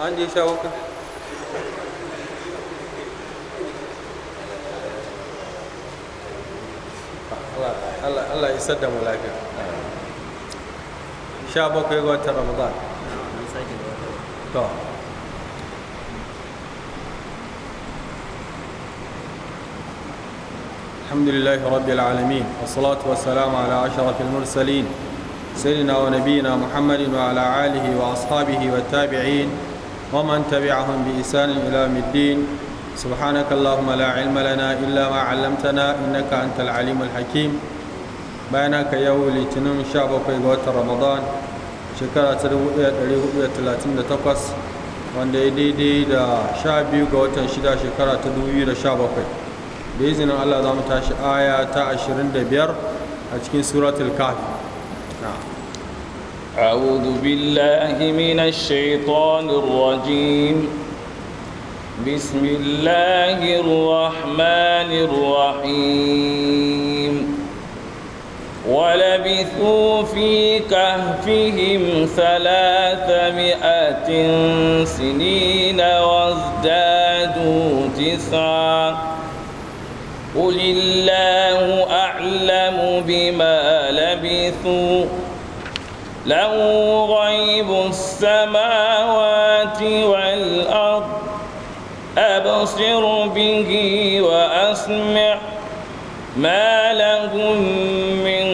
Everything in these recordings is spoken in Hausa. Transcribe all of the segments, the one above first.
عندي شوكة الله الله isar da mu شابك Sha bakwai الحمد لله رب العالمين والصلاة والسلام على أشرف المرسلين سيدنا ونبينا محمد وعلى آله وأصحابه والتابعين ومن تبعهم بإحسان إلى يوم الدين سبحانك اللهم لا علم لنا إلا ما علمتنا إنك أنت العليم الحكيم بينك يوم الاثنين شعبك قوات رمضان شكرا تدبو إيه تدبو إيه تلاتين تقص wanda ya daidai da sha biyu ga watan shida shekara ta dubu biyu da sha bakwai da izinin allah za mu tashi aya ta ashirin da biyar a cikin suratul kahfi أعوذ بالله من الشيطان الرجيم بسم الله الرحمن الرحيم ولبثوا في كهفهم ثلاثمائة سنين وازدادوا تسعا قل الله أعلم بما لبثوا له غيب السماوات والأرض أبصر به وأسمع ما لهم من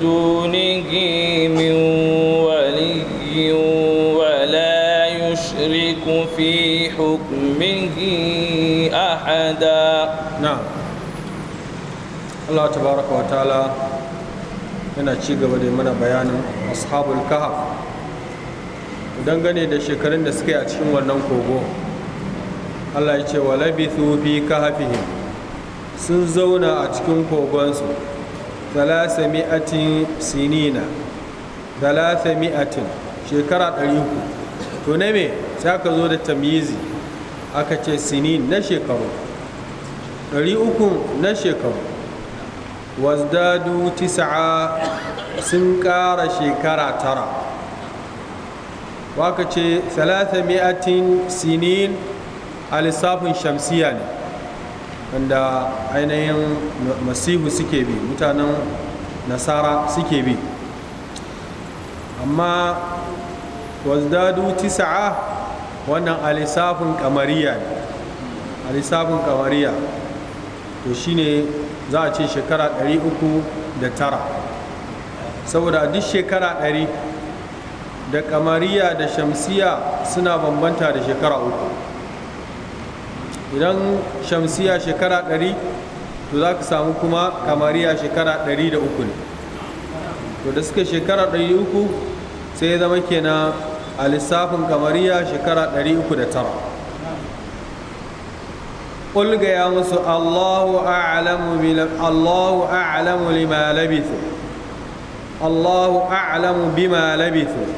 دونه من ولي ولا يشرك في حكمه أحدا نعم الله تبارك وتعالى yana ci gaba da mana bayanin ashabul kahaf dangane da shekarun da suka yi a cikin wannan kogo allah ya ce wa labithu fi kahafihim sun zauna a cikin kogonsu talasa mi'atin sinina talasa mi'atin shekara ɗari ku to na me sai aka zo da tamyizi aka ce sinin na shekaru ɗari uku na shekaru wasdadu tisa'a sun ƙara shekara tara waka ce talata mi'atin sinin a lissafin shamsiya ne wanda ainihin masihu suke bi mutanen nasara suke bi amma wasdadu tisa'a wannan a lissafin kamariya ne a lissafin kamariya to shine za a ce shekara 309 saboda duk shekara 100 da kamariya da shamsiya suna bambanta da shekara 3 idan shamsiya shekara 100 to za ka samu kuma kamariya shekara 103 ne to da suka shekara 300 sai zama kenan a lissafin kamariya shekara 309 قل يا مسو الله أعلم الله أعلم لما لبثوا الله أعلم بما لبثوا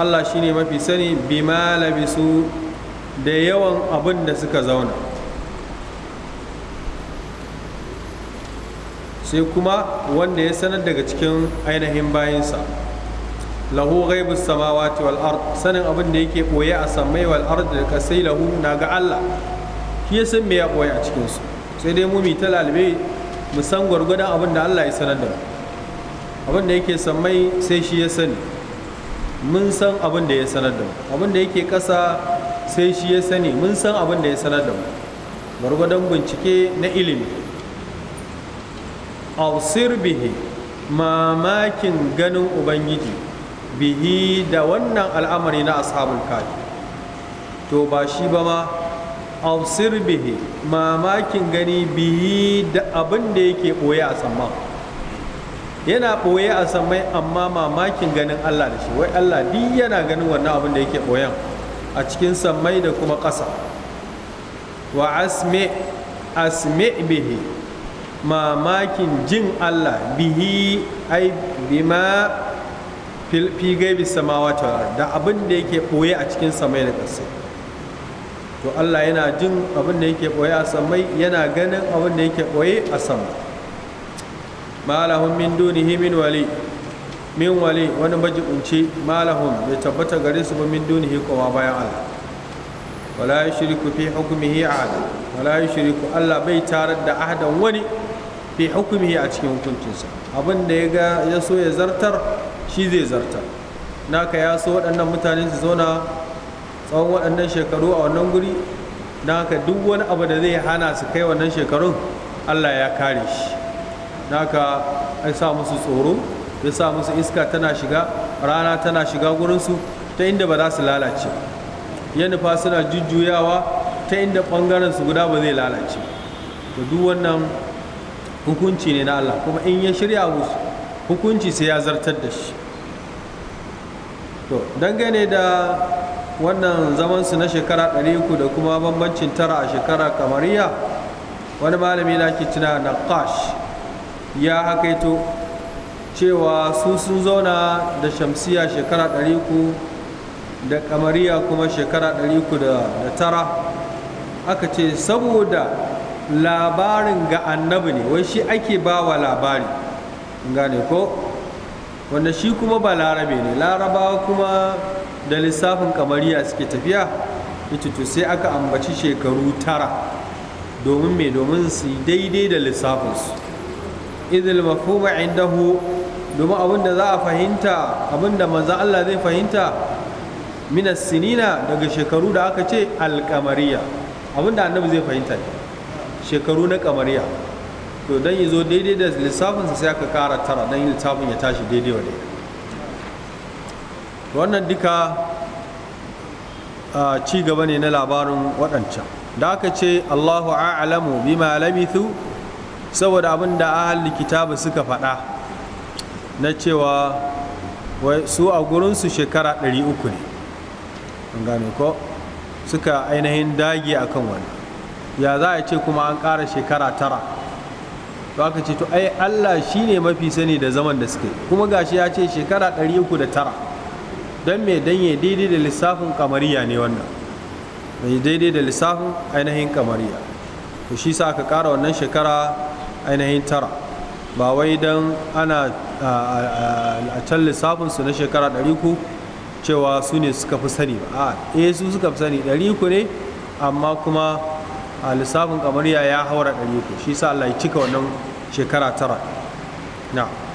الله شيني ما في سني بما لبثوا da yawan abin da suka zauna sai kuma wanda ya sanar daga cikin ainihin bayansa lahu ghaibus samawati wal ard sanin abin da yake boye a samai wal ard da kasai lahu na ga Allah shi ya san me ya boye a cikinsu sai dai mu ta lalibe mu san gwargwadon abin da Allah ya sanar da mu abin da yake sammai sai shi ya sani mun san abin da ya sanar da mu abin da yake ƙasa sai shi ya sani mun san abin da ya sanar da mu gwargwadon bincike na ilimi ausir bihi mamakin ganin ubangiji bihi da wannan al'amari na ashabul kafi to ba shi ba ma absir bihi mamakin gani bihi da abin da yake ɓoye a saman, yana ɓoye a saman amma mamakin ganin Allah da shi wai Allah bi yana ganin wannan abin da yake ɓoyen a cikin sammai da kuma ƙasa wa asme asme bihi mamakin jin Allah bihi ai bima fi gaibi samawa da abin da yake ɓoye a cikin sammai da ƙasa to Allah yana jin abin da yake ɓoye a samai yana ganin abin da yake ɓoye a sama malahun min dunihi min wali min wali wani majibunci malahun ya tabbata gare su ba min dunihi kowa bayan Allah wala shiriku fi a ahada wala shiriku Allah bai tarar da ahadan wani fi hukumihi a cikin hukuncinsa abin da ya ga ya so ya zartar shi zai zartar naka ya so waɗannan mutane su zauna tsawon waɗannan shekaru a wannan guri don haka duk wani abu da zai hana su kai wannan shekarun allah ya kare shi don haka ai sa musu tsoro ya sa musu iska tana shiga rana tana shiga gurinsu ta inda ba za su lalace ya nufa suna jujjuyawa ta inda ɓangaren guda ba zai lalace da duk wannan hukunci ne na allah kuma in ya shirya musu hukunci sai ya zartar da shi to dangane da wannan zaman su na shekara 300 da kuma bambancin tara a shekara kamariya wani malami na ke tuna kash ya hakaito cewa su sun zauna da shamsiya shekara 300 da kamariya kuma shekara tara? aka ce saboda labarin ga annabi ne wai shi ake ba wa labari gane ko wanda shi kuma ba larabe ne larabawa kuma da lissafin kamariya suke tafiya ita to sai aka ambaci shekaru tara domin mai domin su daidai da lissafinsu idil mafuma indahu domin abinda za a fahimta abinda manza Allah zai fahimta minas sinina daga shekaru da aka ce alkamariya abinda annabi zai fahimta shekaru na kamariya to don yi zo daidai da lissafinsa sai aka kara tara don lissafin ya tashi daidai wa daidai wannan duka ci gaba ne na labarin waɗancan da aka ce allahu a'lamu bima labithu saboda abin da ahalli kitabu suka faɗa na cewa su a gurinsu shekara 300 ne an gane ko suka ainihin dage akan wani ya za a ce kuma an ƙara shekara tara to aka ce to ai allah shine mafi sani da zaman da suke kuma gashi ya ce shekara 309 don mai dan ya daidai da lissafin kamariya ne wannan mai daidai da lissafin ainihin kamariya to shi sa aka ƙara wannan shekara ainihin tara ba wai don ana a can lissafinsu na shekara ɗari ku cewa su ne suka fi sani ba a e eh, su suka fi sani ɗari ku ne amma kuma a lissafin kamariya ya haura ɗari ku shi sa Allah ya cika wannan shekara tara na.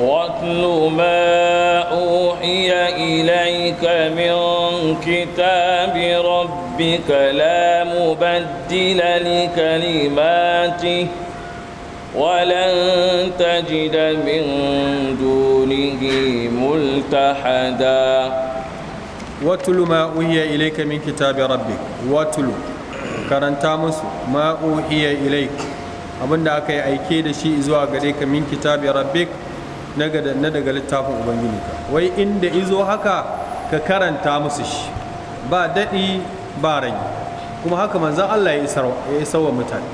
واتل ما أوحي إليك من كتاب ربك لا مبدل لكلماته ولن تجد من دونه ملتحدا واتل ما أوحي إليك من كتاب ربك واتل karanta musu ma uhiya ilaik abinda aka yi aike da shi zuwa gare ka min kitabi rabbik na daga littafin ubangiji ka wai inda izo haka ka karanta musu shi ba daɗi ba rai kuma haka manzan Allah ya isar wa mutane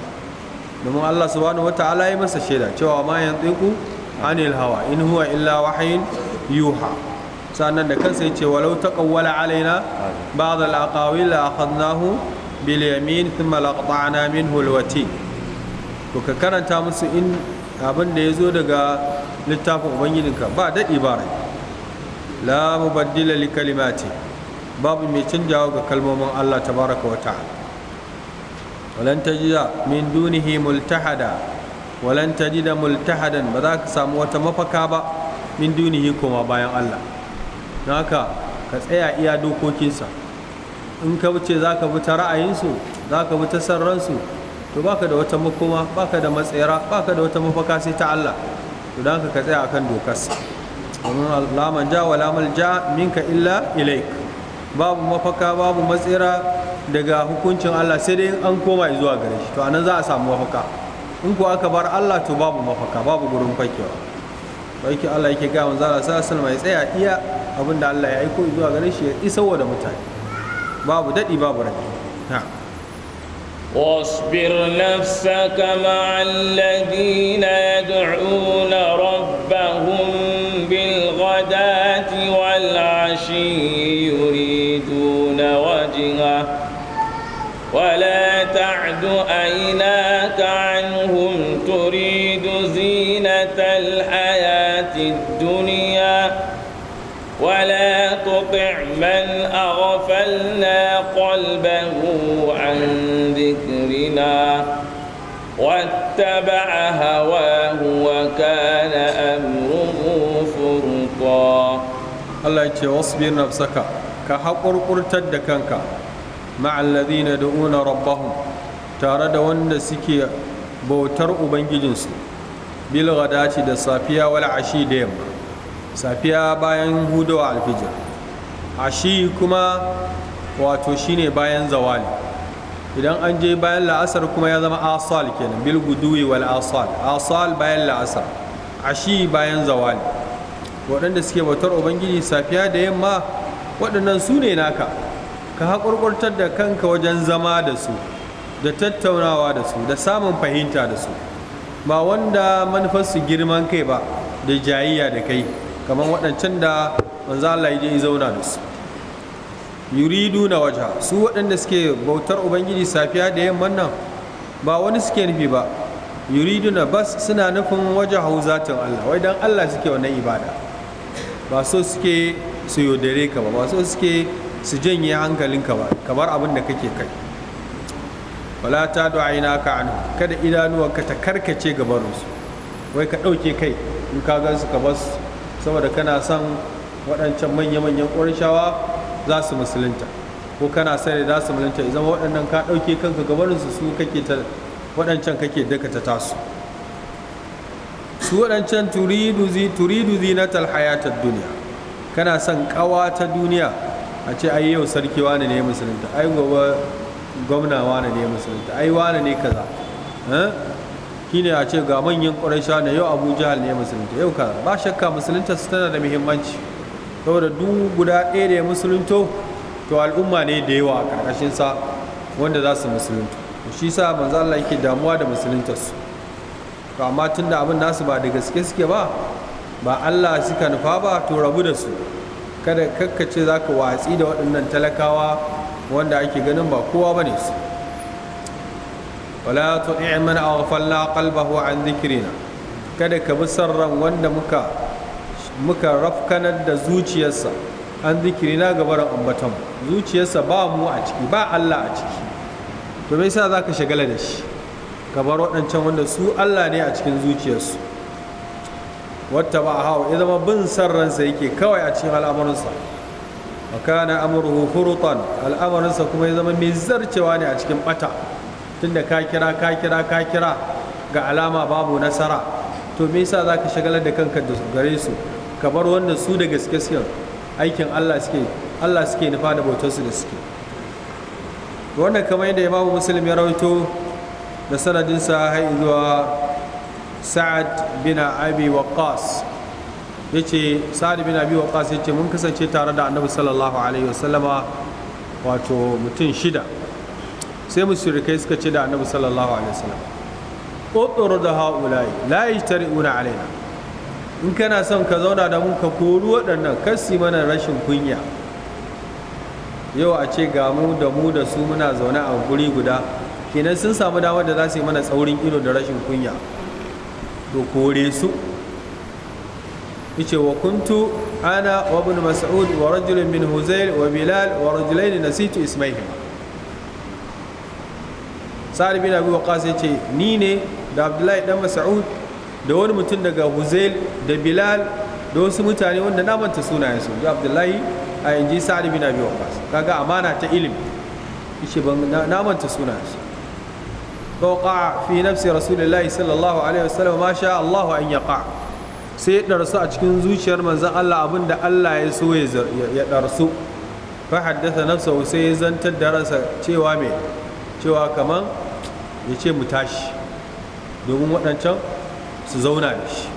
domin Allah subhanahu wa ta'ala ya masa shaida cewa ma yanzu anil hawa in huwa illa wahayin yuha sannan da kansa ya ce walau taqawwala alaina ba'd al-aqawil la akhadnahu bil yamin thumma laqta'na minhu al ka karanta musu in abin da ya zo daga littafin ubangijinka ba daɗi ba rai la mubaddila li kalimati babu mai canjawa ga kalmomin Allah tabaraka wa ta'ala walan tajida min dunihi multahada walan tajida multahadan ba za ka samu wata mafaka ba min dunihi koma bayan Allah don haka ka tsaya iya dokokinsa in ka wuce za ka fita ra'ayinsu za ka fita sarransu to baka da wata makoma baka da matsayara baka da wata mafaka sai ta Allah to ka ka tsaya akan dokarsa amma laman ja wa lamal ja minka illa ilaik babu mafaka babu matsira daga hukuncin Allah sai dai an koma zuwa gare shi to anan za a samu mafaka in ko aka bar Allah to babu mafaka babu gurin fakewa Baiki Allah yake ga a Allah sallallahu alaihi tsaya iya abinda Allah ya aiko zuwa gare shi ya wa da mutane babu dadi babu rai واصبر نفسك مع الذين يدعون ربهم بالغداة والعشي يريدون وجهه ولا تعد عيناك عنهم تريد زينة الحياة الدنيا ولا تطع من أغفلنا قلبه عن ذكرنا واتبع هواه وكان أمره فرطا الله يتي واصبر نفسك كحقر قرتد كنك مع الذين يدعون ربهم تارد وند سكي بوتر أبنجي جنسي بالغداة دا والعشي ديما safiya bayan hudowa alfijir shi kuma wato shine bayan zawali idan an je bayan la'asar kuma ya zama asal kenan bil guduwi wal asal asal bayan la'asar a shi bayan zawali waɗanda suke bautar ubangiji safiya da yamma waɗannan su ne naka ka haƙurƙurtar da kanka wajen zama da su da tattaunawa da su da samun fahimta da su ba wanda manufarsu girman kai ba da jayayya da kai kamar waɗancan da manzo Allah ya zauna da su yuridu na waja su waɗanda suke bautar ubangiji safiya da yamman nan ba wani suke nufi ba yuridu na bas suna nufin waje hau zatin Allah wai dan Allah suke wannan ibada ba so suke su yaudare ka ba ba so suke su janye hankalinka ba kamar abin da kake kai wala ta ina ka anhu kada Idanuwa ka ta karkace su wai ka ɗauke kai in ka gansu ka basu saboda kana son waɗancan manya-manyan shawa za su musulunta ko kana da za su musulunta zama waɗannan ka ɗauke kanka gabaninsu su kake ta waɗancan kake daka ta tasu su waɗancan turidu zinatar hayatar na talhayatar duniya kana son ƙawa ta duniya a ce ai yau sarki wani ne musulunta ai gwamna wani ne musulunta ai wani ne kaza eh? shine a ce ga manyan ƙuraisha ne yau abu jahal ne musulunta yau ka ba shakka musulunta su tana da muhimmanci saboda duk guda ɗaya da ya musulunto to al'umma ne da yawa a sa wanda za su musulunta shi sa manzo Allah yake damuwa da musuluntarsu to amma da abin nasu ba da gaske suke ba ba Allah suka nufa ba to rabu da su kada kakkace za ka watsi da waɗannan talakawa wanda ake ganin ba kowa ba ne su wala tu'i man aghfalna qalbahu an dhikrina kada ka bi ran wanda muka muka rafkanar da zuciyarsa an zikirina ga barin ambaton zuciyarsa ba mu a ciki ba Allah a ciki to me yasa zaka shagala da shi ka bar waɗancan wanda su Allah ne a cikin zuciyarsu wata ba hawa ya zama bin san ransa yake kawai a cikin al'amuransa wa kana amruhu furutan al'amuransa kuma ya zama mai zarcewa ne a cikin bata tunda ka kira ka kira ka kira ga alama babu nasara to me yasa za ka shagalar da kanka da gare su ka bar wanda su da gaske suke aikin Allah suke Allah suke nufa da bautar su da suke wannan kamar yadda ya babu musulmi ya rawaito da sanadinsa har zuwa Sa'ad bin Abi waqas yace Sa'ad bin Abi waqas yace mun kasance tare da Annabi sallallahu alaihi wasallama wato mutum shida sai mushrikai suka ce da annabi sallallahu alaihi wasallam qutru da haulai la yajtari'una alaina in kana son ka zauna da mun ka koru waɗannan kasi mana rashin kunya yau a ce ga mu da mu da su muna zaune a guri guda kenan sun samu damar da za su yi mana tsaurin ido da rashin kunya to kore su yace wa kuntu ana wa ibn mas'ud wa rajulun min huzail wa bilal wa rajulain nasitu ismaihima sa'ad bin abi waqas ya ce ni ne da abdullahi dan mas'ud da wani mutum daga huzail da bilal da wasu mutane wanda na manta sunayen su abdullahi a yanzu sa'ad bin abi waqas kaga amana ta ilimi yace ban na manta sunayen su فوقع fi nafsi رسول sallallahu alaihi wasallam ma sha Allah an الله أن sai ya ɗarsu a cikin zuciyar manzan Allah abin da Allah ya so ya ɗarsu fa haddasa nafsa sai ya zantar da ransa cewa mai cewa kamar ya ce mu tashi domin waɗancan su zauna da shi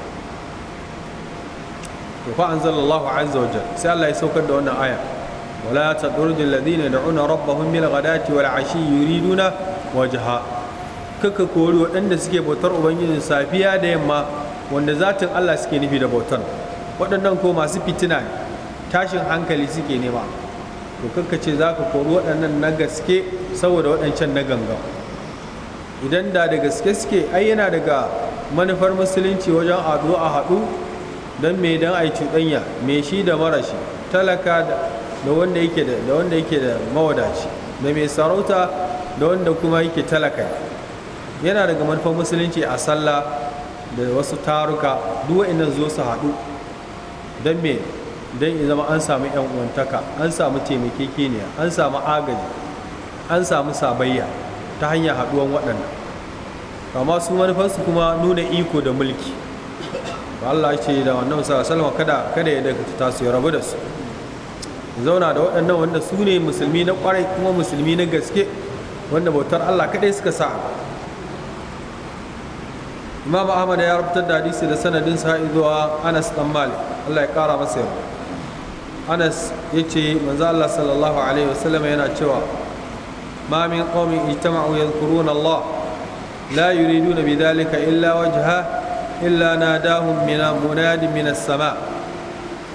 to fa Allah azza wa jalla sai Allah ya saukar da wannan aya wala tadrudul ladina yad'una rabbahum bil ghadati wal ashi yuriduna wajha kaka kori waɗanda suke bautar ubangijin safiya da yamma wanda zatin Allah suke nufi da bautar waɗannan ko masu fitina tashin hankali suke nema to kanka ce za ka kori waɗannan na gaske saboda waɗancan na gangan idan da da gaske suke ai yana daga manufar musulunci wajen adu a haɗu don mai don a yi cuɗanya mai shi da marashi talaka da wanda yake da wanda yake mawadaci da mai sarauta da wanda kuma yake talaka yana daga manufar musulunci a sallah da wasu taruka duk wa'annan zo su haɗu don mai don in zama an samu yan uwantaka an samu taimakekeniya an samu agaji an samu sabayya ta hanyar haɗuwan waɗanda amma su manufarsu kuma nuna iko da mulki Ba Allah ce da wannan salama kada kada ya daga ta su rabu da su zauna da waɗannan wanda su ne musulmi na ƙwarai kuma musulmi na gaske wanda bautar Allah kaɗai suka sa Imam Ahmad ya rubutar da hadisi da sanadin sa zuwa Anas dan Malik Allah ya kara masa yau. anas ya ce manzo Allah sallallahu alaihi wasallam yana cewa ma min qaumin ijtama'u yadhkuruna Allah la yuriduna bidhalika illa wajha illa nadahum min munadi min as-sama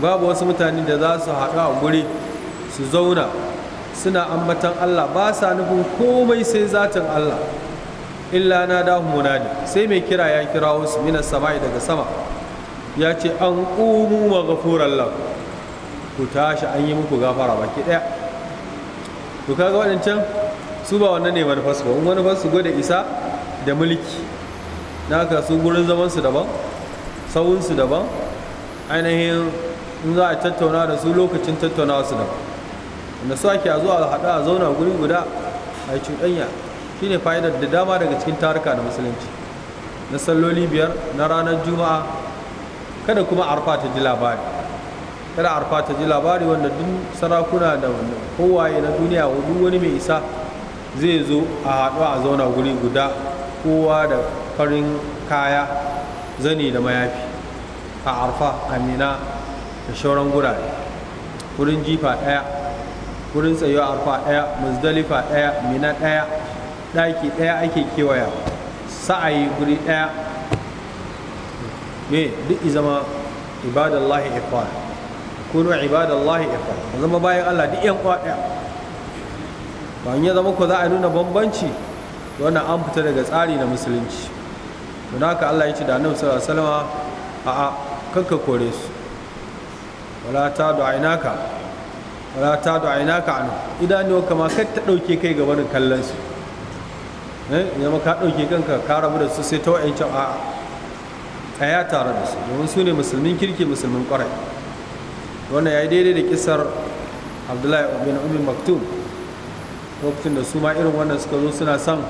babu wasu mutane da za su haɗu a guri su zauna suna ambatan Allah ba sa nufin komai sai zatin Allah illa na nadahum munadi sai mai kira ya kirawo su min as-sama'i daga sama ya ce an qumu wa ghafurallahu ku tashi an yi muku gafara baki ɗaya to kaga waɗancan su ba wannan ne manufarsu ba in manufarsu gwada isa da mulki na haka su gurin zamansu daban su daban ainihin in za a tattauna da su lokacin tattaunawa su daban wanda su ake a zuwa a haɗa a zauna guri guda a yi cuɗanya shi ne fa'idar da dama daga cikin taruka da musulunci na salloli biyar na ranar juma'a kada kuma arfa ta ji labari kada arfa ta ji labari wanda duk sarakuna da wannan kowaye na duniya duk wani mai isa zai zo a haɗu a zauna guri guda kowa da farin kaya zani da mayafi a arfa amina da shauran gurare wurin jifa ɗaya wurin tsayuwa arfa ɗaya muzdalifa ɗaya mina ɗaya ɗaki ɗaya ake kewaya sa'ayi guri ɗaya me duk izama ibadallahi ikhwan kunu ibadallahi ikhwa ku zama bayan Allah duk yan kwa daya ba ya zama ku za a nuna bambanci wannan an fita daga tsari na musulunci don haka Allah ya ci da annabi sallallahu alaihi wasallam a a kanka kore su wala ta du'ainaka wala ta du'ainaka anu idanuwa kama kai ta dauke kai gaban kallon su eh zama ka dauke kanka ka rabu da su sai ta wa'ancan a'a tsaya tare da su domin su ne musulmin kirki musulmin ƙwarai wannan ya yi daidai da kisar abdullahi bin umar maktub lokacin da su ma irin wannan suka zo suna son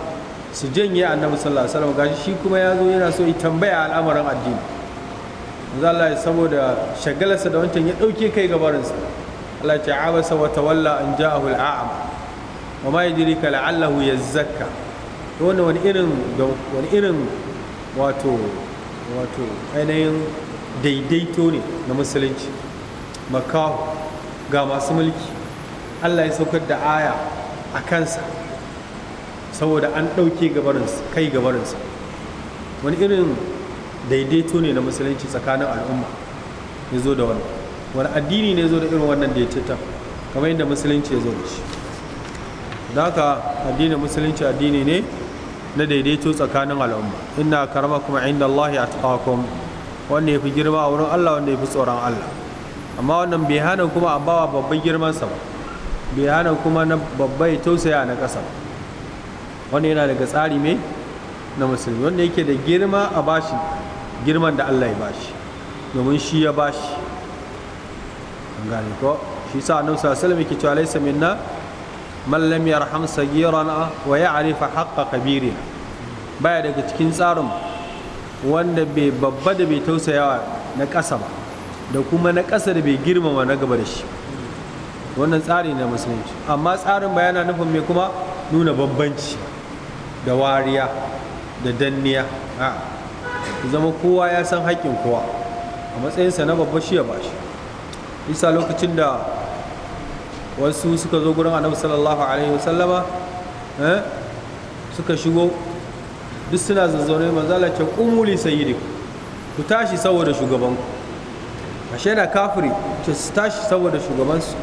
su janye annabi sallallahu alaihi wasallam gashi shi kuma ya zo yana so ya tambaya al'amarin addini manzo Allah ya saboda shagalarsa da wancan ya dauke kai gabarinsa Allah ya ce abasa wa tawalla an ja'ahu al'am wa ma yadrika la'allahu yazzakka to wani irin wani irin wato wato ainihin daidaito ne na musulunci makahu ga masu mulki allah ya saukar da aya a kansa saboda an ɗauke kai gabarinsa wani irin daidaito ne na musulunci tsakanin al'umma ya zo da wani wani addini ne ya zo da irin wannan daidaito kamar yadda musulunci ya zo da shi da haka addinin musulunci addini ne na daidaito tsakanin al'umma inna karama kuma inda allahi a wanda ya fi girma a wurin allah wanda ya fi tsoron allah amma wannan bai hana kuma a bawa babban girmansa ba bai hana kuma na babbai tausaya na ƙasa ba wannan yana daga tsari mai na musulmi wanda yake da girma a bashi girman da Allah ya bashi domin shi ya bashi an gane ko shi sa annabi sallallahu alaihi wasallam yake cewa laysa minna man lam yarham sagiran wa ya'rif haqqa kabirina baya daga cikin tsarin wanda bai babba da bai tausayawa na ƙasa ba da kuma na ƙasa da bai girmama na gaba da shi wannan tsari na musulunci amma tsarin bayana nufin mai kuma nuna bambanci da wariya da danniya a zama kowa ya san haƙƙin kowa a matsayinsa na babba shi ya shi. isa lokacin da wasu suka zo gurin annabi sallallahu alaihi wasallama eh, suka shigo duk suna zazzaune manzala ce umuli sayyidi ku tashi saboda shugabanku ashe na kafiri to su tashi saboda shugabansu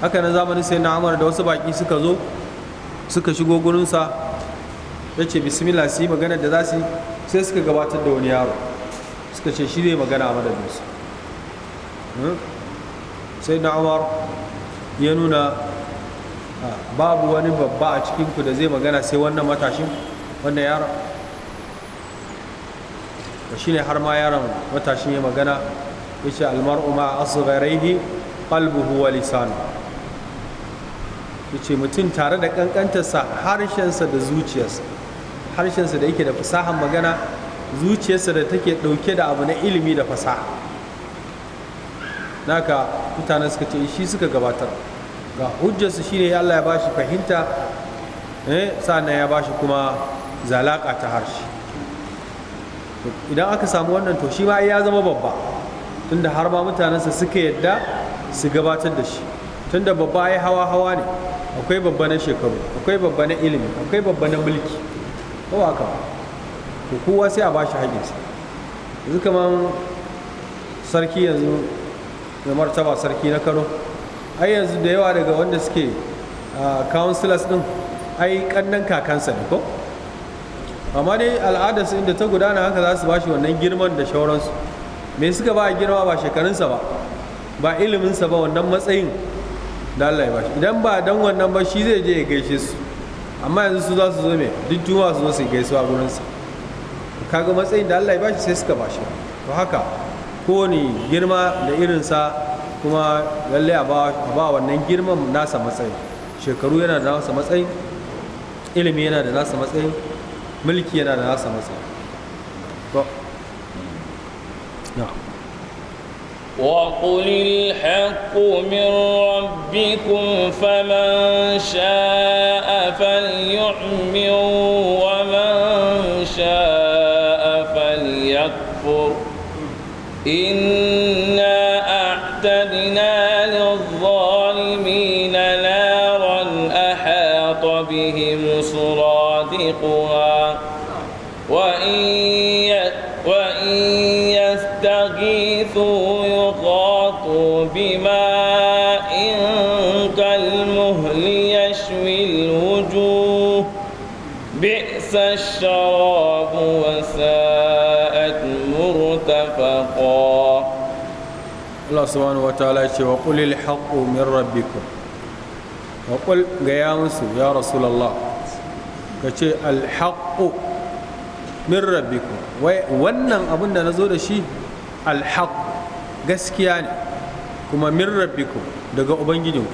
haka na zamani sai na amara da wasu baki suka zo suka shigo gurinsa ya ce bismillah su yi magana da za su yi sai suka gabatar da wani yaro suka ce shi zai magana a madadinsu hmm? sai na amar ya nuna ah, babu wani babba a cikinku da zai magana sai wannan matashin wannan yaron shine har ma yaron matashin ya magana yace almar'u ma asgharihi qalbuhu wa lisanu yace mutum tare da kankantarsa harshensa da zuciyarsa harshensa da yake da fasahar magana zuciyarsa da take dauke da abu na ilimi da fasaha naka mutane suka ce shi suka gabatar ga hujjarsu shine Allah ya bashi fahimta eh sannan ya bashi kuma zalaka ta harshe idan aka samu wannan to shi ma ya zama babba tunda har ma mutanensa suka yadda su gabatar da shi tunda babba ya hawa hawa ne akwai babba na shekaru akwai babba na ilimi akwai babba na mulki ko haka to kowa sai a ba shi haƙinsa yanzu kamar sarki yanzu da martaba sarki na kano ai yanzu da yawa daga wanda suke ah, councilors din ai kannan kakansa ne ko amma dai al'adarsu inda ta gudana haka za su bashi wannan girman da shauransu me suka ba girma ba shekarunsa ba ba iliminsa ba wannan matsayin da Allah ya idan ba dan wannan ba shi zai je ya gaishe su amma yanzu su za su zo me duk juma su zo su a gurinsa kaga matsayin da Allah ya shi sai suka ba shi to haka kowane girma da irinsa kuma lallai a ba wannan girman nasa matsayin shekaru yana da nasa matsayin ilimi yana da nasa matsayin ملكي أنا ناس nasa matsayi نعم وقل الحق من ربكم فمن شاء فليؤمن ومن شاء فليكفر إنا أعتدنا للظالمين نارا أحاط بهم سرادقها بئس الشراب وساءت مرتفقا Allah subhanahu wa ta'ala ce wa qulil min rabbikum wa qul gaya musu ya rasulullah ka ce al haqqu min rabbikum wai wannan abin da nazo da shi al gaskiya ne kuma min rabbikum daga ubangijinku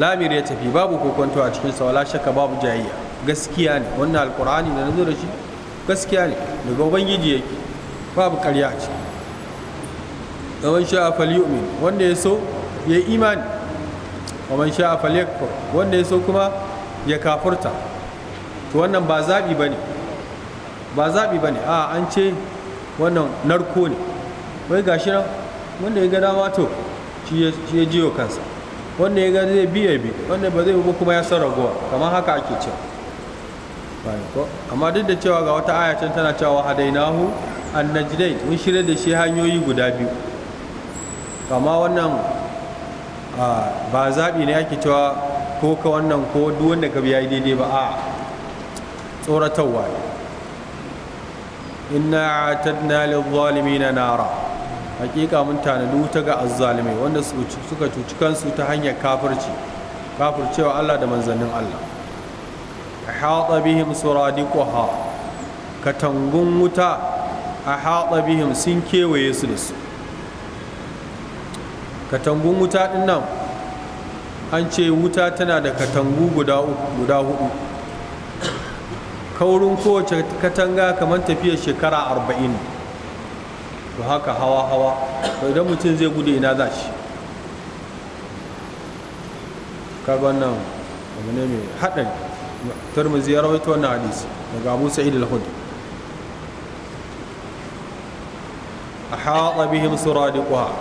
lamir ya tafi babu kokonto a cikin sa wala shakka babu jayayya gaskiya ne wannan alkur'ani da na zo da shi gaskiya ne daga ubangiji yake babu karya a ciki yawan sha falyumin wanda ya so ya yi imani waman sha falyakfur wanda ya so kuma ya kafurta to wannan ba zaɓi ba ne ba zaɓi ba ne a an ce wannan narko ne wai gashi nan wanda ya ga dama to shi ya jiyo kansa wanda ya ga zai biya bi wanda ba zai ba kuma ya san ragowa kamar haka ake cewa amma duk da cewa ga wata ayacin tana cewa hadainahu an najdai mun shirya da shi hanyoyi guda biyu amma wannan ba zaɓi ne ake cewa ko ka wannan ko duk wanda ka biya daidai ba a tsoratarwa inna atadna lil nara hakika mun tanadi ta ga azzalimai wanda suka cuci kansu ta hanyar kafirci kafircewa Allah da manzannin Allah ahata bihim suradiquha katangun wuta ahata bihim sun kewaye su da su katangun wuta din nan an ce wuta tana da katangu guda guda hudu kaurin kowace katanga kamar tafiyar shekara arba'in to haka hawa hawa idan mutum zai gudu ina za shi abu ne mai haɗari tirmidhi ya rawaito wannan hadisi daga abu sa'id al a bihim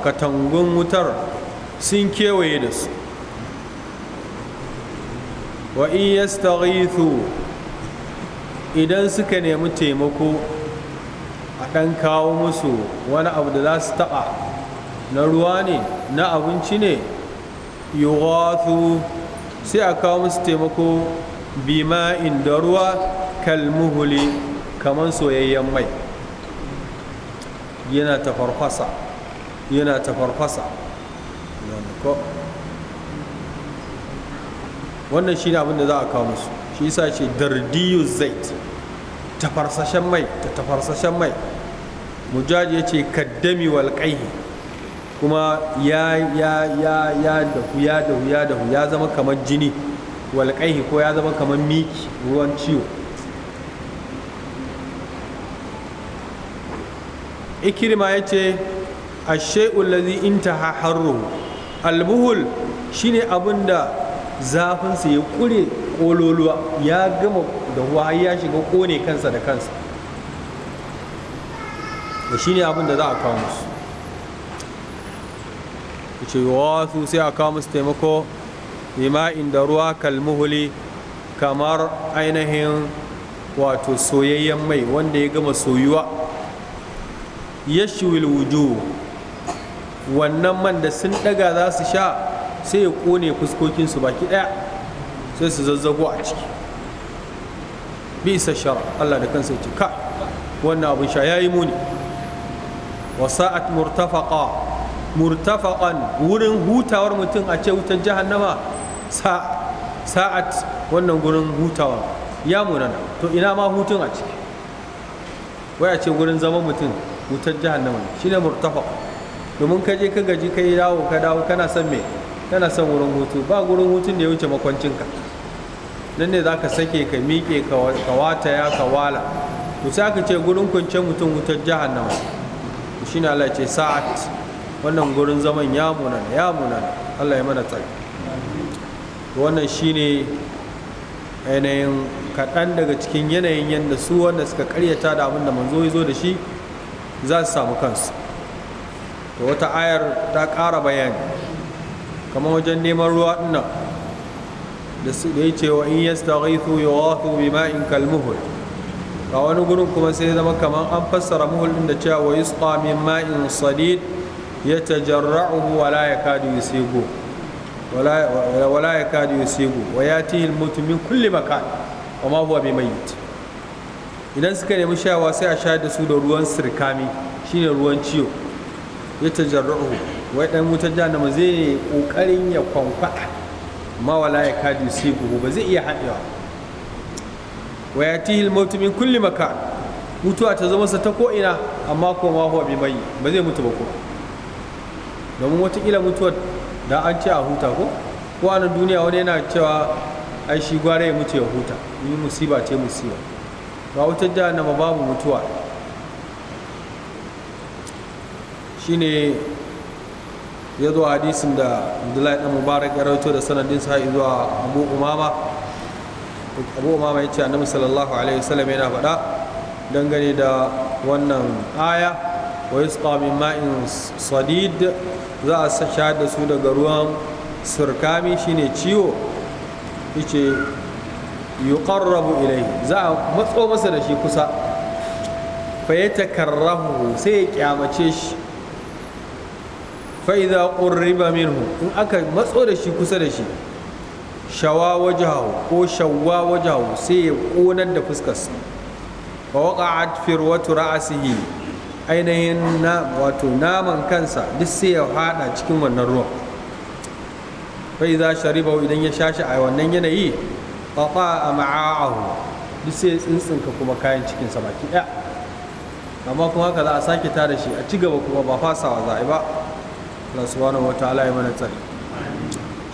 katangun wutar sun kewaye da su wa in yastaghithu idan suka nemi taimako a ɗan kawo musu wani abu da za su taɓa na ruwa ne na abinci ne yuwathu sai a kawo musu taimako bima inda ruwa kalmuhuli kamar soyayyen mai yana ta farfasa yana ta farfasa wannan shi ne abinda za a kawo musu shi yasa ce dardiyu zait tafarsashen mai ta tafarsashen mai mujaji ya ce kaddami walƙaihi kuma ya ya ya ya dahu ya dahu ya dahu ya zama kamar jini walƙaihi ko ya zama kamar miki ruwan ciwo ikirma ya ce ashe'ul lazi intaha harru albuhul ne abin da zafinsa ya ƙure ƙololuwa ya gama da ruwa ya shiga kone kansa da kansa da ne abin da za a kawo musu ce wasu sai a kawo musu taimako lima'in da ruwa kalmuhuli kamar ainihin wato soyayyen mai wanda ya gama soyuwa ya wujo wannan man da sun daga za su sha sai ya kone fuskokinsu baki daya sai su zazzago a ciki isa shara Allah da kansa ce ka wannan abin sha yi muni wasa'at murtafaqa murtafaqan wurin hutawar mutum a ce wutan jahannama sa'at wannan gurin hutawa ya munana to ina ma hutun a ciki waya ce gurin zaman mutum hutar jahannama ne shine murtafa domin ka je ka gaji ka yi dawo ka dawo kana son me kana son wurin hutu ba gurin hutun da ya wuce makwancinka nan ne za ka sake ka miƙe ka wataya ka wala to sai aka ce gurin kwance mutum wutar jahannama shi ne Allah ce sa'at wannan gurin zaman ya munana ya munana Allah ya mana tsari wannan shine yanayin kaɗan daga cikin yanayin yadda su wanda suka karyata da abin da manzo zo da shi za su samu kansu to wata ayar ta ƙara bayani kamar wajen neman ruwa ɗinnan da ya ce wa in yastaghithu yughatu bima'in kalmuhul ga wani gurin kuma sai ya zama kamar an fassara muhul ɗin da cewa wa yusqa min ma'in sadid yatajarra'uhu wa la yakadu yusigu wala ya kadu ya sego wa ya tihil mutu min kulli makan wa ma mai bi mayyit idan suka nemi shawa sai a shayar da su da ruwan sirkami shine ruwan ciwo ya tajarruhu wai dan jana jahannama zai kokarin ya kwankwada amma wala ya kadu ya sego ba zai iya haɗewa wa ya tihil mutu min kulli maka mutuwa ta zama sa ta ko ina amma ko ma huwa bi mayyit ba zai mutu ba ko domin watakila mutuwar da an ce a huta ko kowa na duniya wani yana cewa ai shi gware ya mutu ya huta yi musiba ce musiba ba jihar nama babu mutuwa shine ya zo hadisin da abdullahi dan mubarak ya rawaito da sanadin sa zuwa abu umama abu umama ya ce annabi sallallahu alaihi wasallam yana faɗa dangane da wannan aya wa yusqa min ma'in za a sha da su daga ruwan surkami shine ciwo yace yuqarrabu ilai za a matso masa da shi kusa fa yatakarrahu sai ya kyamace shi fa idza qurriba minhu in aka matso da shi kusa da shi shawa wajahu ko shawwa wajahu sai ya konar da fuskarsa fa waqa'at firwatu ra'sihi ainihin na wato naman kansa duk sai ya hada cikin wannan ruwan fai za sharibahu idan ya sha shi a wannan yanayi fafa a ma'a'ahu duk sai ya tsintsinka kuma kayan cikinsa baki ɗaya amma kuma haka za a sake da shi a ci gaba kuma ba fasawa za a yi ba Allah subhanahu wa ta'ala ya mana tsari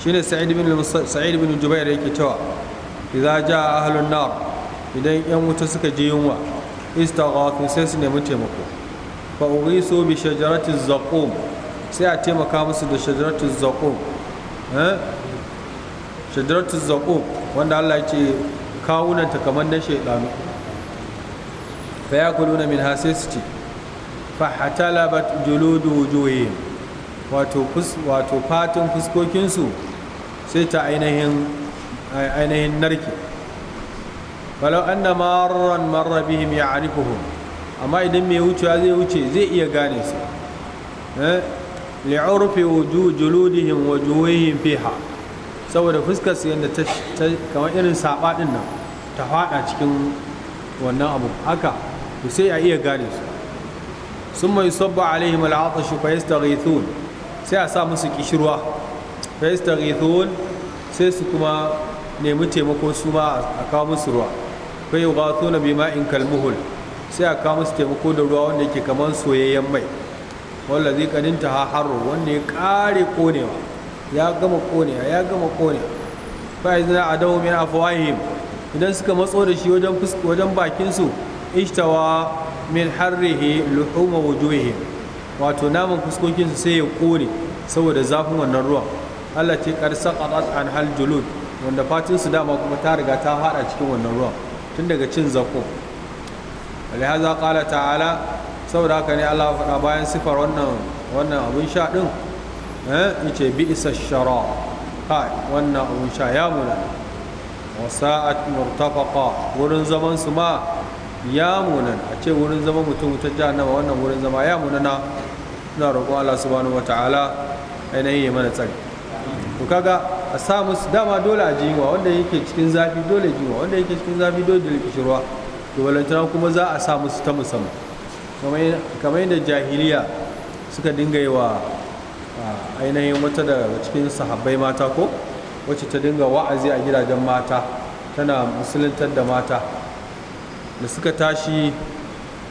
shine sa'id bin sa'id bin jubair yake cewa idza jaa ahlun nar idan yan wuta suka je yunwa istaghafu sai su nemi taimako fa ughisu bi shajarati zaqum sai a taimaka musu da shajaratu eh? zaqum wanda Allah ya ce kawunanta kamar na shaidanu fa yakuluna min hasisti fa hatalabat juludu wujuhihim wato wato fatin fuskokinsu sai ta ainihin narki falau anna marran marra amma idan mai wucewa zai wuce zai iya gane su eh, li'urfi wuju juludihim wa juwihim fiha saboda fuskar su yadda ta kamar irin saba din nan ta fada cikin wannan abu haka to sai a iya gane su sun mai sabba alaihim al'atashu fa yastaghithun sai a sa musu kishirwa fa yastaghithun sai su kuma nemi taimako su ma a kawo musu ruwa fa yughathuna bima'in kalmuhul sai a kawo musu taimako da ruwa wanda yake kamar soyayyen mai wanda zai kaninta ha haro wanda ya kare konewa ya gama konewa ya gama konewa fa izina adamu min afwahihim idan suka matso da shi wajen wajen bakin su ishtawa min harrihi luhuma wujuhihim wato naman fuskokinsu sai ya kone saboda zafin wannan ruwan Allah ce karsa qatat an hal julud wanda fatin dama kuma ta riga ta hada cikin wannan ruwan tun daga cin zako ولهذا قال تعالى saboda haka ne Allah faɗa bayan sifar wannan wannan abin sha ɗin eh, yace bi isa shara kai wannan abin sha ya muna wasa'at murtafaqa wurin zaman su ma ya muna a ce wurin zaman mutum ta jahannama wannan wurin zama ya muna na ina roƙon Allah subhanahu wataala ainihin ya mana tsari to kaga a sa musu dama dole a jiwa wanda yake cikin zafi dole jiwa wanda yake cikin zafi dole da kishirwa to kuma za a sa musu ta musamman kamar yadda jahiliya suka dinga yi wa ainihin wata daga cikin sahabbai mata ko wacce ta dinga wa'azi a gidajen mata tana musuluntar da mata da suka tashi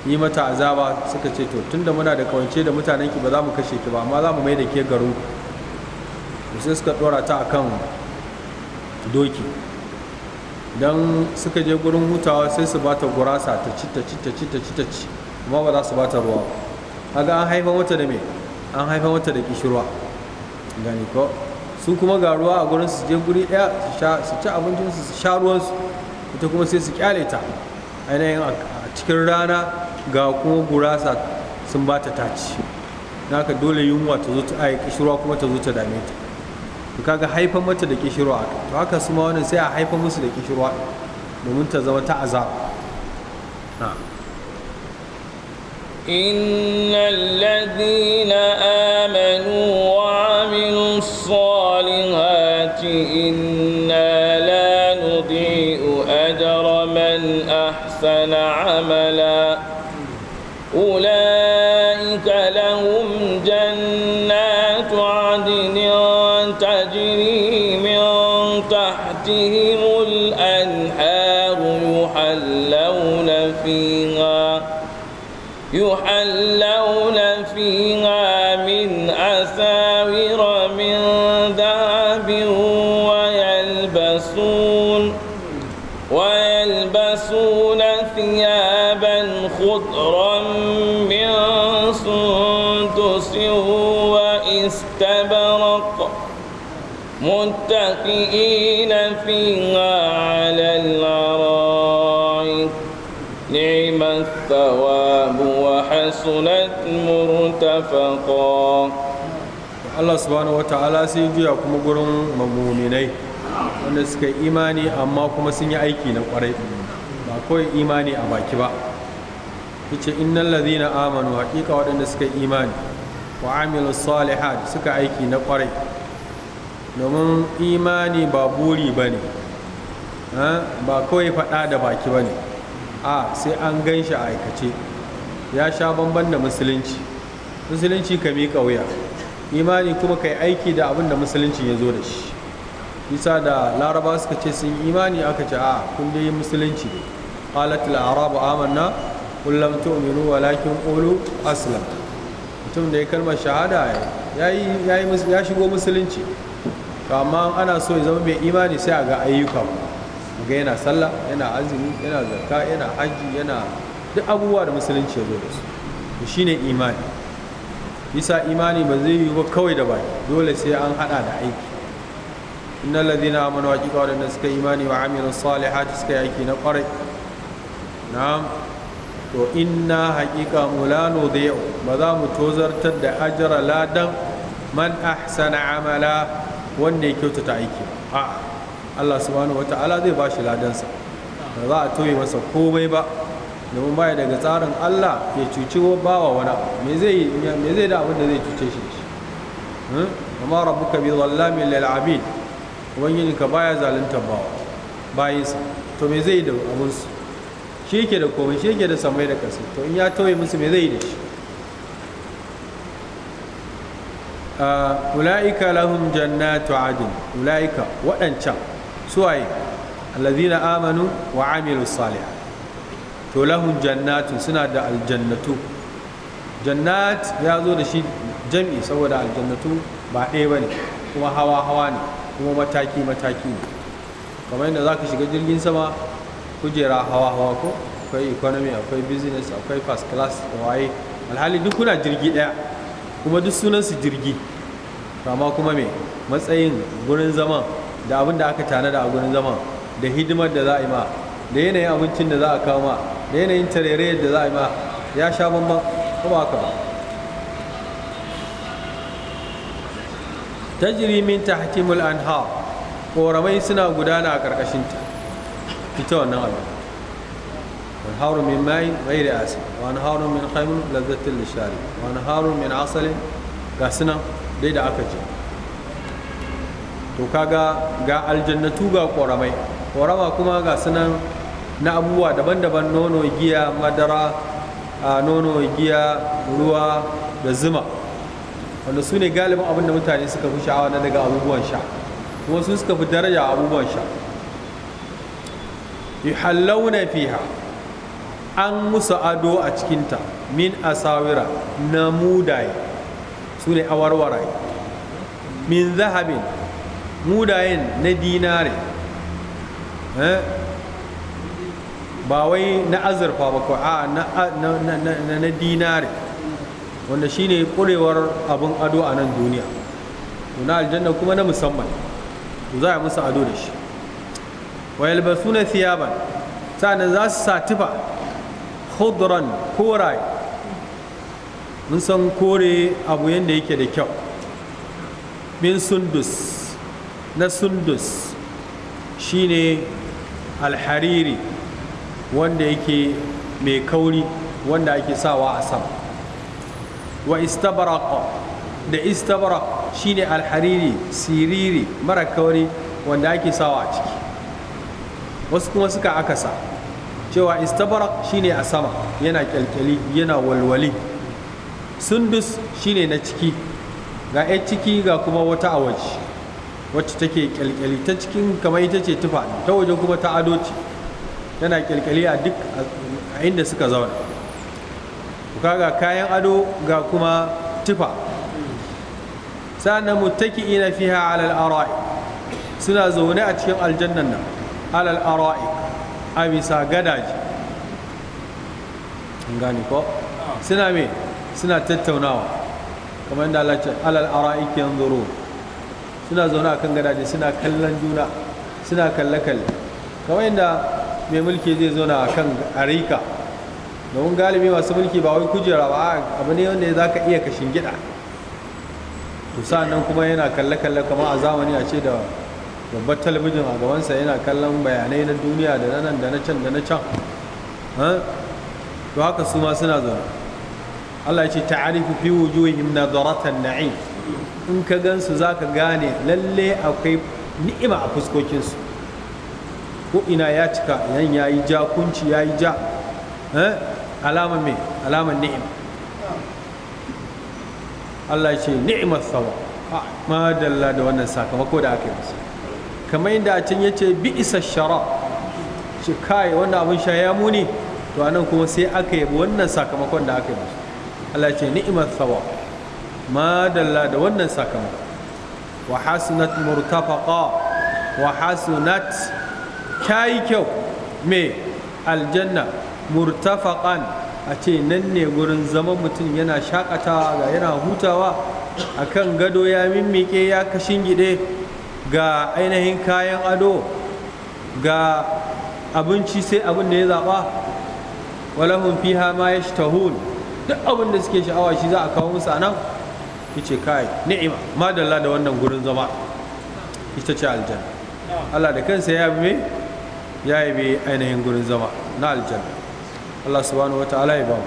yi mata azaba suka ce to tunda muna da kawance da mutanen ki ba za mu kashe ki ba amma za mu mai da ke garu sai suka dora ta kan doki don suka je gurin hutawa sai su bata gurasa ta ci ta ci ta ci ta ci ta ci amma ba za su bata ruwa ga an haifa wata da me an haifa wata da kishirwa gani ko su kuma ga ruwa a gurin su je guri daya su ci abincin su sha ruwan su ita kuma sai su kyale ta ainihin a cikin rana ga kuma gurasa sun bata ta ci naka dole yunwa ta zo ta ai kishirwa kuma ta zo ta dame ta to kaga haifan mata da kishirwa to haka su ma wannan sai a haifa musu da kishirwa domin ta zama ta azab إن الذين آمنوا وعملوا الصالحات إنا لا نضيع أجر من أحسن عملا أولئك تحتهم الأنهار يحلون فيها يحلون فيها من أساور من متكئين فيها على الأرائك نعم الثواب وحسنت مرتفقا Allah subhanahu wata'ala sai juya kuma gurin mamuminai wanda suka yi imani amma kuma sun yi aiki na kwarai ba kawai imani a baki ba yace innal ladhina amanu haqiqa waɗanda suka yi imani wa amilu salihat suka aiki na kwarai domin imani ba buri ba ne ba kawai faɗa da baki ba ne a sai an gan shi a aikace ya sha bamban da musulunci musulunci ka miƙa wuya imani kuma ka yi aiki da abin da musulunci ya zo da shi bisa da laraba suka ce sun imani aka ce a kun dai musulunci ne qalat arabu amanna kullum to tu'minu walakin ulu aslam mutum da ya kalmar shahada ya shigo musulunci kama amma ana so ya zama mai imani sai a ga ayyuka ga yana sallah yana azumi yana zakka yana hajji yana duk abubuwa da musulunci ya zo da su shine imani bisa imani ba zai yi ba kawai da baki dole sai an hada da aiki inna ladina amanu wa qiqalu suka imani wa amilu salihati suka yi aiki na kwarai na'am to inna haqiqa mulanu da yau ba za mu tozartar da ajra ladan man ahsana amala wanda ya kyautata aiki a Allah subhanahu wata'ala zai bashi ladansa ba za a toye masa komai ba domin baya daga tsarin Allah ya cuci bawa wani me zai me zai da abin da zai cuce shi hmm? amma rabbuka bi zallamin lil abid wani ka baya zalunta bawa bayinsa to me zai da abun su shi yake da komai shi yake da samai da kasa to in ya toye musu me zai yi da shi Uh, ula'ika lahum jannatu adin ula'ika waɗancan suwaye allazina amanu wa amilu salihan to lahum jannatun suna da aljannatu jannat ya zo da shi jam'i saboda aljannatu ba ɗaya ba ne kuma hawa hawa ne kuma mataki mataki ne kamar yadda za ka shiga jirgin sama kujera hawa hawa ko akwai economy akwai business akwai first class da waye alhali duk kuna jirgi ɗaya kuma duk sunansu jirgi kama kuma mai matsayin gurin zama da abin da aka tanada a gurin zama da hidimar da za a yi ma da yanayin abincin da za a kama da yanayin tarere da za a yi ma ya sha bambam kuma haka ba tajiri min an ha koramai suna gudana a ƙarƙashinta ita wannan abin وانهار من ماء غير آسن وانهار من خمر لذة للشارب وانهار من عسل غسنا dai da aka ce غا الجنة توغا aljannatu ga كما ƙorama kuma ga دبن na abubuwa daban-daban nono giya madara a wanda su ne galibin abin da mutane suka fi sha'awa na daga abubuwan sha kuma su suka fi daraja abubuwan sha yi hallau na fiha an musu ado a cikinta min asawira na mudaye su ne awarwaraye min zahabin mudayen na dinare eh? ba wai na azurfa ba a na dinare wanda shine kurewar abin ado a nan duniya na aljanna kuma na musamman za a musu ado da shi wa yalbasu na siyaban sa'anan za su satifa. khudran koraye mun san kore abu yadda yake da kyau min sundus na sundus shine alhariri wanda yake mai kauri wanda ake sawa a sama wa istabaraq da istabaraq shine alhariri siriri mara kauri wanda ake sawa a ciki wasu kuma suka akasa cewa istabarak shine a sama yana kyalkyali yana walwali sundus shine na ciki ga 'yan ciki ga kuma wata a waje wacce take kyalkyali ta cikin kamar ita ce tufa ta waje kuma ta ado ce tana kyalkyali a duk a inda suka zauna ga kayan ado ga kuma tufa sa'annan muttaki'ina fiha alal ara'i suna zaune a cikin aljannan nan alal ara'i a bisa gadaji gane ko suna me suna tattaunawa kamar yadda alal ara'iki zuru suna zaune a kan gadaji suna kallon juna suna kalle-kalle kamar yadda mai mulki zai zauna kan arika domin galibi masu mulki ba wai kujera ba abu ne wanda za ka iya kashin gida to nan kuma yana kalle-kalle kamar a zamani a ce da babbar talabijin a gabansa yana kallon bayanai na duniya da na nan da na can da na can to haka su ma suna zaune Allah ya ce ta'arifu fi wujuhihim nadaratan na'im in ka gansu zaka gane lalle akwai ni'ima a fuskokin su ko ina ya cika yan yayi ja kunci yayi ja alama me alama ni'ima Allah ya ce ni'imar sawa ma dalla da wannan sakamako da aka yi musu kamar yadda a can ya ce bi isa shara shi kai wannan abin sha ya muni to anan kuma sai aka yabi wannan sakamakon da aka yi musu Allah ce ni'imar ma dalla da wannan sakamakon wa hasunat murtafaqa wa hasunat kai kyau me aljanna murtafaqan a ce nan ne gurin zama mutum yana shakatawa ga yana hutawa akan gado ya mimmike ya kashin gide ga ainihin kayan ado ga abinci sai abin da ya zaɓa walahun fi ma ya shi tahun duk abin da suke sha'awa shi za a kawo musu a nan ya ce kai ni'ima madalla da wannan gurin zama ita ce aljanna Allah da kansa ya bi ya yi ainihin gurin zama na aljanna Allah subhanahu wa ta'ala ya ba mu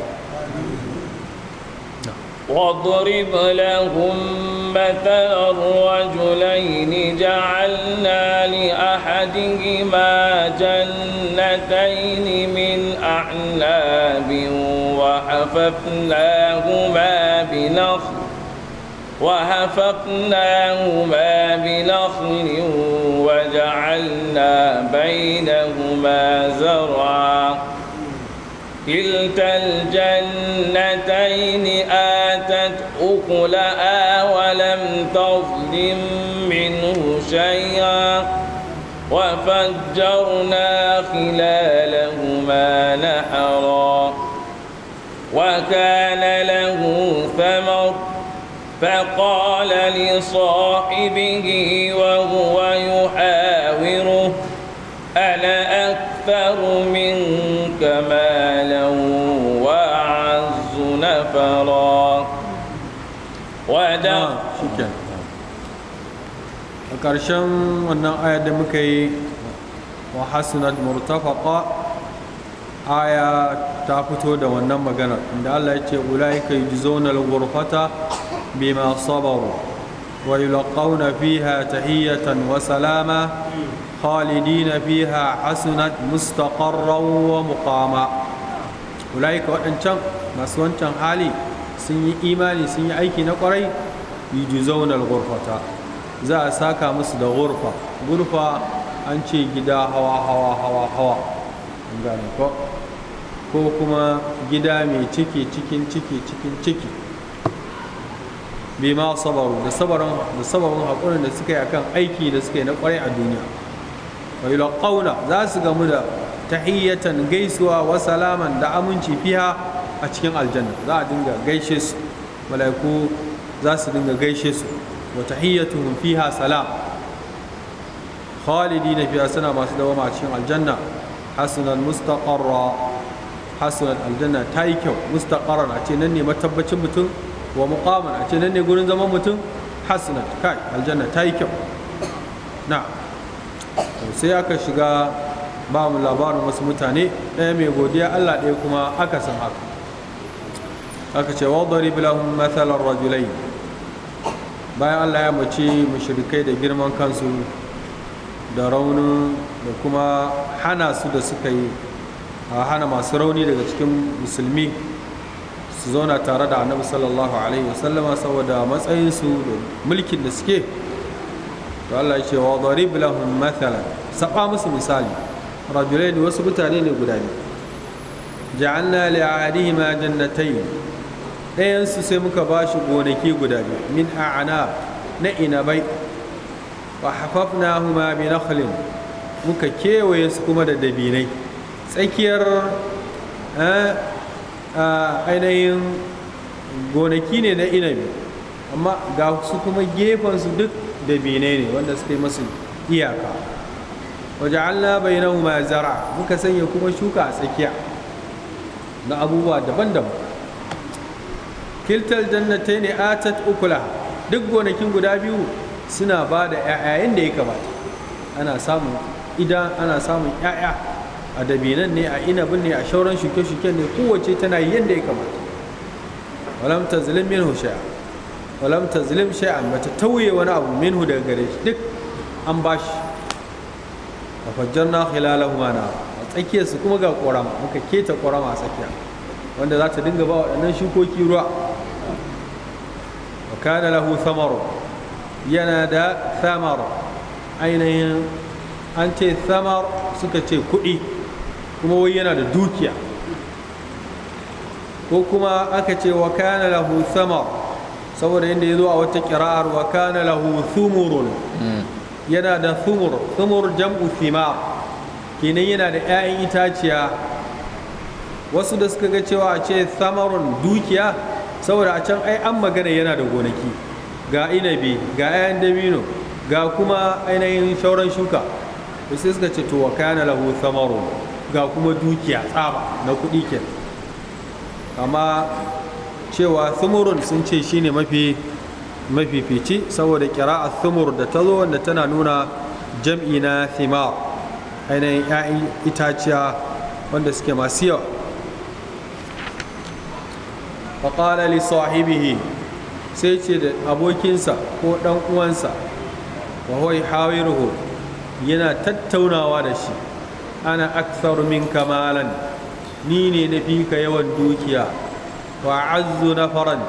وَاضْرِبْ لَهُمْ مثلا الرجلين جعلنا لأحدهما جنتين من أعناب وحففناهما بنخل وحففناهما بنخل وجعلنا بينهما زرعا كلتا الجنتين آتت أكلها تظلم منه شيئا وفجرنا خلالهما نحرا وكان له ثمر فقال لصاحبه وهو يحاوره ألا أكثر منك مالا وأعز نفرا نعم. ودخل a ƙarshen wannan aya da muka yi wa hasunat murtafaqa aya ta fito da wannan magana inda Allah ya ce ulaika kai al-ghurfata bima sabaru wa yulqauna fiha tahiyatan wa salama khalidina fiha hasunat mustaqarran wa muqama ulaika wadancan masu wancan hali sun yi imani sun yi aiki na kwarai yujzauna al-ghurfata za a saka musu da gurfa ghurfa an ce gida hawa hawa hawa hawa gane ko ko kuma gida mai ciki cikin ciki cikin ciki bai sabaru da sabarin da sabarin haƙurin da suka yi akan aiki da suka yi na ƙwarai a duniya wai qawla za su gamu da tahiyyatan gaisuwa wa salaman da aminci fiha a cikin aljanna za a dinga gaishe su mala'iku za su dinga gaishe su wa tahiyyatuhum fiha salam khalidina fiha suna masu dawama a cikin aljanna hasunan mustaqarra hasunan aljanna ta yi kyau mustaqarran a ce nan ne matabbacin mutum wa muqaman a ce nan ne gurin zaman mutum hasunan kai aljanna ta yi kyau na sai aka shiga ba mu labarin wasu mutane ɗaya mai godiya Allah ɗaya kuma aka san haka aka ce wa darib lahum mathalan rajulayn bayan allah ya mace mushrikai da girman kansu da rauni da kuma hana su da suka yi a hana masu rauni daga cikin musulmi su zauna tare da annabi sallallahu alaihi wasallama saboda matsayinsu da mulkin da suke to allah ya ce wa darib lahum mathalan saba musu misali rajulain wasu mutane ne guda ne ja'alna li ahadihima jannatayn ɗayansu sai muka ba shi gonaki guda biyu min a'ana na inabai wa hafafna huma bi nakhlin muka kewaye su kuma da dabinai tsakiyar eh, ainihin gonaki ne na inabi amma ga su kuma gefensu duk dabinai ne wanda suka yi masu iyaka waje'alna bainahuma zara muka sanya kuma shuka a tsakiya na abubuwa daban-daban kiltal jannata ne atat ukula duk gonakin guda biyu suna ba da 'ya'ya da ya kamata ana samun idan ana samun 'ya'ya a dabinan ne a inabin ne a shauran shuke-shuken ne kowace tana yi yadda ya kamata walam tazlim minhu shay'a walam tazlim bata tauye wani abu min hu daga gare shi duk an bashi wa fajjarna khilalahuma na a tsakiyarsu kuma ga ƙorama muka keta ƙorama a tsakiya wanda za ta dinga ba waɗannan shukoki ruwa kana lahu samaru yana da samar ainihin an ce samar suka ce kuɗi kuma wai yana da dukiya ko kuma aka ce wa kana lahu saboda inda ya zo a wata kira'ar wa kana lahu yana da thumur thumur jam'u kenan yana da 'ya'yan itaciya wasu da suka ga cewa a ce samarun dukiya saboda a can ai an magana yana da gonaki ga inabi ga 'ya'yan dabino ga kuma ainihin shauran shuka sai suka ce to wa kana lahu samaru ga kuma dukiya tsaba na kuɗi ke amma cewa sumurun sun ce shine mafi mafifici saboda a thumur da ta zo wanda tana nuna jam'i na thimar ainihin 'ya'yan itaciya wanda suke masu yawa faƙala li sahibihi sai ce da abokinsa ko ɗan uwansa wa hoi hawiruhu yana tattaunawa da shi ana aktsaru min kamalan ni ne na fi ka yawan dukiya wa na nafaran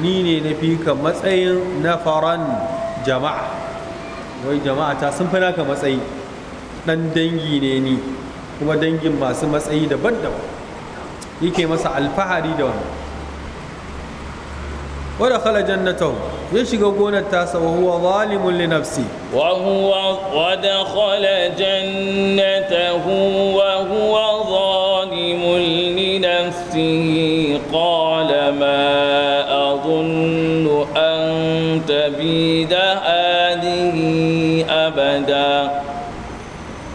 ni ne na fi ka matsayin nafaran jama'a wai jama'a ta sun fi naka matsayi ɗan dangi ne ni kuma dangin masu matsayi daban-daban yake masa alfahari da wannan ودخل جنته ليش غونة تاسا وهو ظالم لنفسه وهو ودخل جنته وهو ظالم لنفسه قال ما أظن أن تبيد هذه أبدا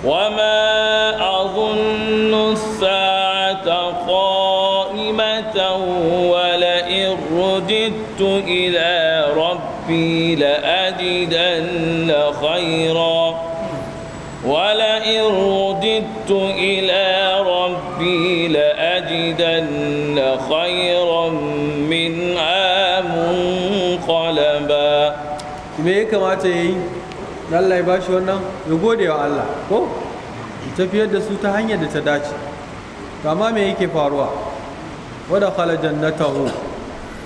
وما أظن الساعة قائمة ولا إلى ربي لأجدن خيرا ولئن رددت إلى ربي لأجدن خيرا منها منقلبا me ya kamata ya yi Allah ya bashi wannan ya gode Allah ko tafiyar da su ta hanyar da ta dace to amma yake faruwa wadda na taho!'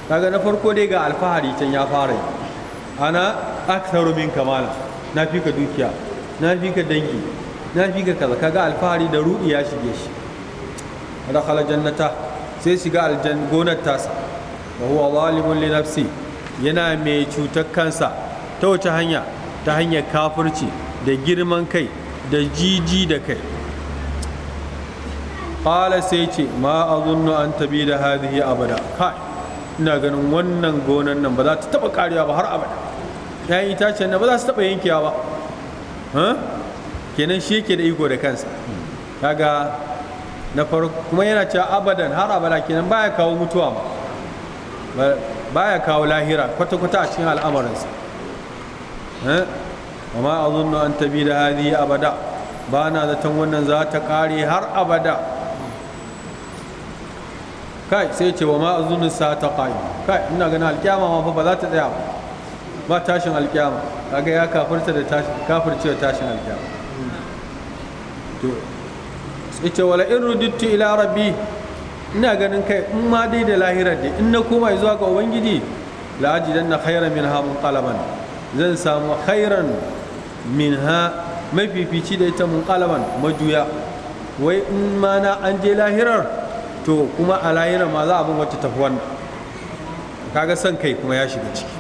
kaga na farko dai ga alfahari can ya fara yi ana aksaro min kamala na fi ka dukiya na fi ka dangi na fi ka kaza kaga alfahari da rudi ya shige shi da khala jannata sai shiga aljan gonar tasa wa huwa zalimun li nafsi yana mai cutar kansa ta wace hanya ta hanyar kafirci da girman kai da jiji da kai qala sai ce ma azunnu an tabi da hadhihi abada kai ina ganin wannan gonan nan ba za ta taba karewa ba har abada yayin itacen nan ba za su taba yankewa ba kenan shi yake da iko da kansa kaga na farko kuma yana cewa abadan har abada kenan baya kawo mutuwa ba baya kawo lahira kwata-kwata a cikin al'amarinsa amma a zunnu an tabi da hadi abada ba na zaton wannan za ta kare har abada kai sai ce wa ma azunin sa ta kai kai ina ganin alkiyama ma fa ba za ta tsaya ba tashin alkiyama kaga ya kafirta da tashin kafirce tashin alkiyama to sai ce wala in rudittu ila rabbi ina ganin kai in ma dai da lahirar dai in na koma zuwa ga ubangiji la ajidanna khairan minha munqalaban zan samu khairan minha mafifici da ita mun munqalaban majuya wai in ma na an je lahirar to kuma a layina ma za a bin wacce tafi wannan kaga son kai kuma ya shiga ciki